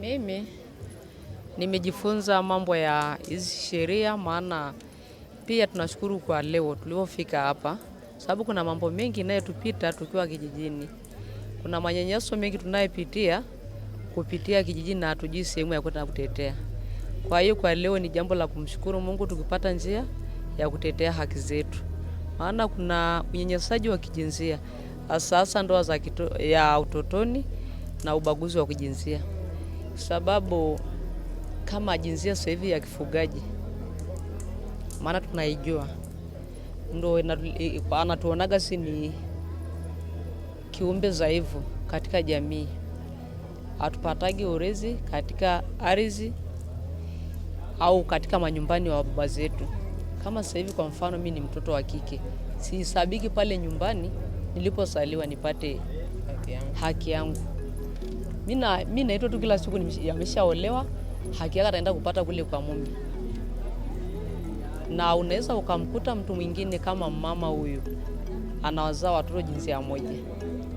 Mimi nimejifunza mambo ya hizi sheria, maana pia tunashukuru kwa leo tuliofika hapa, sababu kuna mambo mengi inayotupita tukiwa kijijini. Kuna manyanyaso mengi tunayopitia kupitia kijijini na hatujui sehemu ya kwenda kutetea. Kwa hiyo kwa leo ni jambo la kumshukuru Mungu tukipata njia ya kutetea haki zetu, maana kuna unyanyasaji wa kijinsia, hasa hasa ndoa za ya utotoni na ubaguzi wa kijinsia kwa sababu kama jinsia sasa hivi ya kifugaji, maana tunaijua ndo anatuonaga si ni kiumbe dhaifu katika jamii, hatupatagi urezi katika ardhi au katika manyumbani wa baba zetu. Kama sasa hivi kwa mfano, mi ni mtoto wa kike, sihesabiki pale nyumbani niliposaliwa nipate haki yangu mimi naitwa tu kila siku ameshaolewa, haki yake ataenda kupata kule kwa mume, na unaweza ukamkuta mtu mwingine kama mama huyu anawazaa watoto ya moja,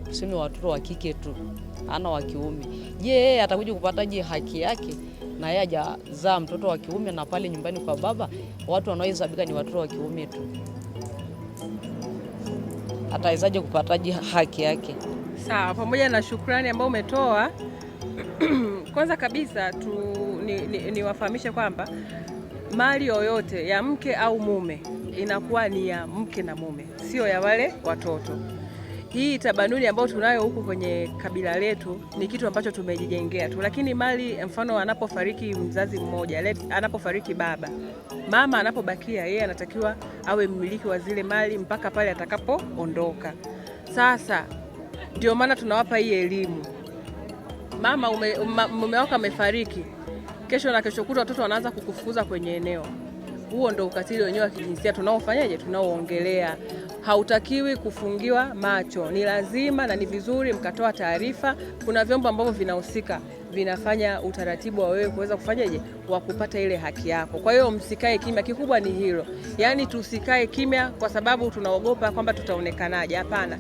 tuseme watoto wa kike tu, ana wa kiume. Je, yeye atakuja je haki yake? na yeye hajazaa mtoto wa kiume, na pale nyumbani kwa baba watu wanaohesabika ni watoto wa kiume tu, atawezaje kupataji haki yake? Sawa, pamoja na shukrani ambayo umetoa kwanza kabisa tu niwafahamishe ni, ni kwamba mali yoyote ya mke au mume inakuwa ni ya mke na mume, sio ya wale watoto. Hii tabanuni ambayo tunayo huku kwenye kabila letu ni kitu ambacho tumejijengea tu, lakini mali, mfano anapofariki mzazi mmoja, anapofariki baba, mama anapobakia yeye anatakiwa awe mmiliki wa zile mali mpaka pale atakapoondoka. Sasa ndio maana tunawapa hii elimu. Mama ume, mume wako amefariki, kesho na kesho kuta watoto wanaanza kukufukuza kwenye eneo. Huo ndio ukatili wenyewe wa kijinsia tunaofanyaje, tunaoongelea. Hautakiwi kufungiwa macho, ni lazima na ni vizuri mkatoa taarifa. Kuna vyombo ambavyo vinahusika vinafanya utaratibu wa wewe kuweza kufanyaje, wa kupata ile haki yako. Kwa hiyo msikae kimya, kikubwa ni hilo, yaani tusikae kimya kwa sababu tunaogopa kwamba tutaonekanaje. Hapana.